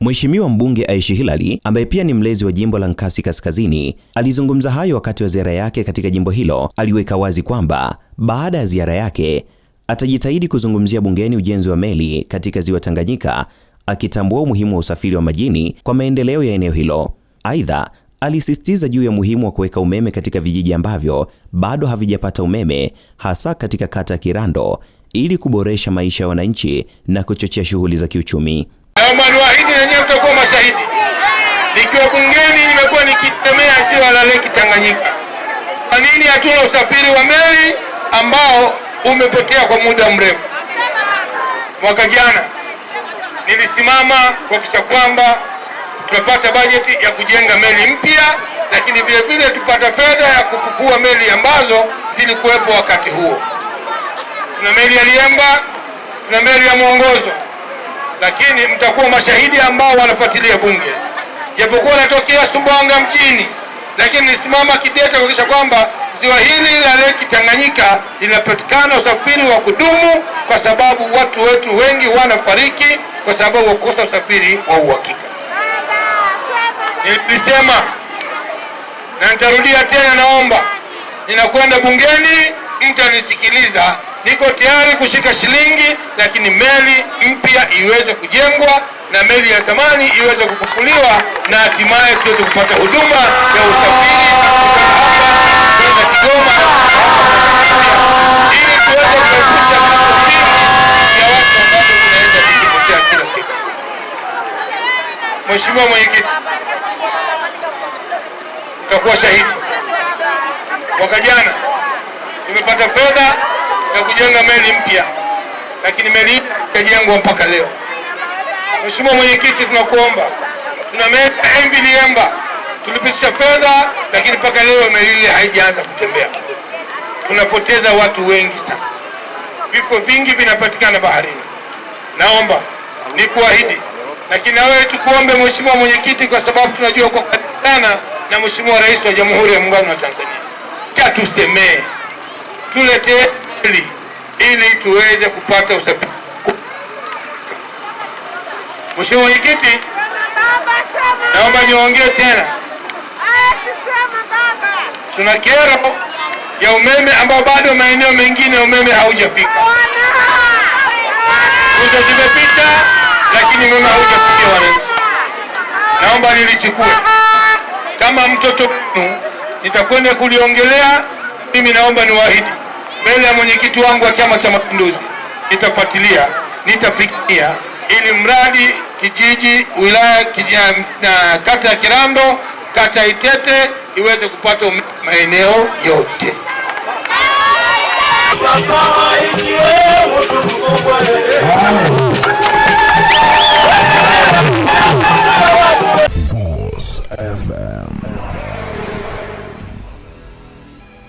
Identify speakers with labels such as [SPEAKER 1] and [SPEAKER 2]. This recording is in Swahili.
[SPEAKER 1] Mheshimiwa mbunge Aishi Hilali ambaye pia ni mlezi wa jimbo la Nkasi Kaskazini alizungumza hayo wakati wa ziara yake katika jimbo hilo. Aliweka wazi kwamba baada ya ziara yake atajitahidi kuzungumzia bungeni ujenzi wa meli katika ziwa Tanganyika, akitambua umuhimu wa usafiri wa majini kwa maendeleo ya eneo hilo. Aidha, alisisitiza juu ya umuhimu wa kuweka umeme katika vijiji ambavyo bado havijapata umeme, hasa katika kata ya Kirando, ili kuboresha maisha ya wananchi na kuchochea shughuli za kiuchumi.
[SPEAKER 2] Mwaniwaahidi na nyewe mtakuwa mashahidi. Nikiwa bungeni nimekuwa nikitemea ziwa la Lake Tanganyika. Kwa nini hatuna usafiri wa meli ambao umepotea kwa muda mrefu? Mwaka jana nilisimama kuhakikisha kwamba tunapata bajeti ya kujenga meli mpya, lakini vile vile tupata fedha ya kufufua meli ambazo zilikuwepo wakati huo. Tuna meli ya Liemba, tuna meli ya Mwongozo lakini mtakuwa mashahidi ambao wanafuatilia bunge. Japokuwa natokea Sumbawanga mjini, lakini nisimama kidete kuhakikisha kwamba ziwa hili la leki Tanganyika linapatikana usafiri wa kudumu, kwa sababu watu wetu wengi wanafariki kwa sababu wakukosa usafiri wa uhakika. Nilisema na nitarudia tena, naomba ninakwenda bungeni, mtanisikiliza niko tayari kushika shilingi, lakini meli mpya iweze kujengwa na meli ya zamani iweze kufukuliwa na hatimaye tuweze kupata huduma ya usafiri kwenda Kigoma ili tuweze kuepusha Mheshimiwa Mwenyekiti, utakuwa shahidi, mwaka jana tumepata fedha ya kujenga meli mpya, lakini meli hii haijajengwa mpaka leo. Mheshimiwa Mwenyekiti, tunakuomba, tuna meli ya MV Liemba tulipitisha fedha, lakini mpaka leo meli ile haijaanza kutembea. Tunapoteza watu wengi sana, vifo vingi vinapatikana baharini. Naomba nikuahidi, lakini nawe tukuombe Mheshimiwa Mwenyekiti, kwa sababu tunajua uko karibu sana na Mheshimiwa Rais wa Jamhuri ya Muungano wa Tanzania, tusemee tuletee hoteli ili tuweze kupata usafiri. Mheshimiwa Mwenyekiti, naomba niongee tena, tuna kero ya umeme ambao bado maeneo mengine umeme haujafika. Rushwa zimepita, lakini umeme haujafikia wananchi. Naomba nilichukue kama mtoto wenu, nitakwenda kuliongelea mimi. Naomba niwaahidi mbele ya mwenyekiti wangu wa Chama cha Mapinduzi, nitafuatilia, nitapigia ili mradi kijiji wilaya na kata ya Kirando, kata Itete iweze kupata maeneo yote.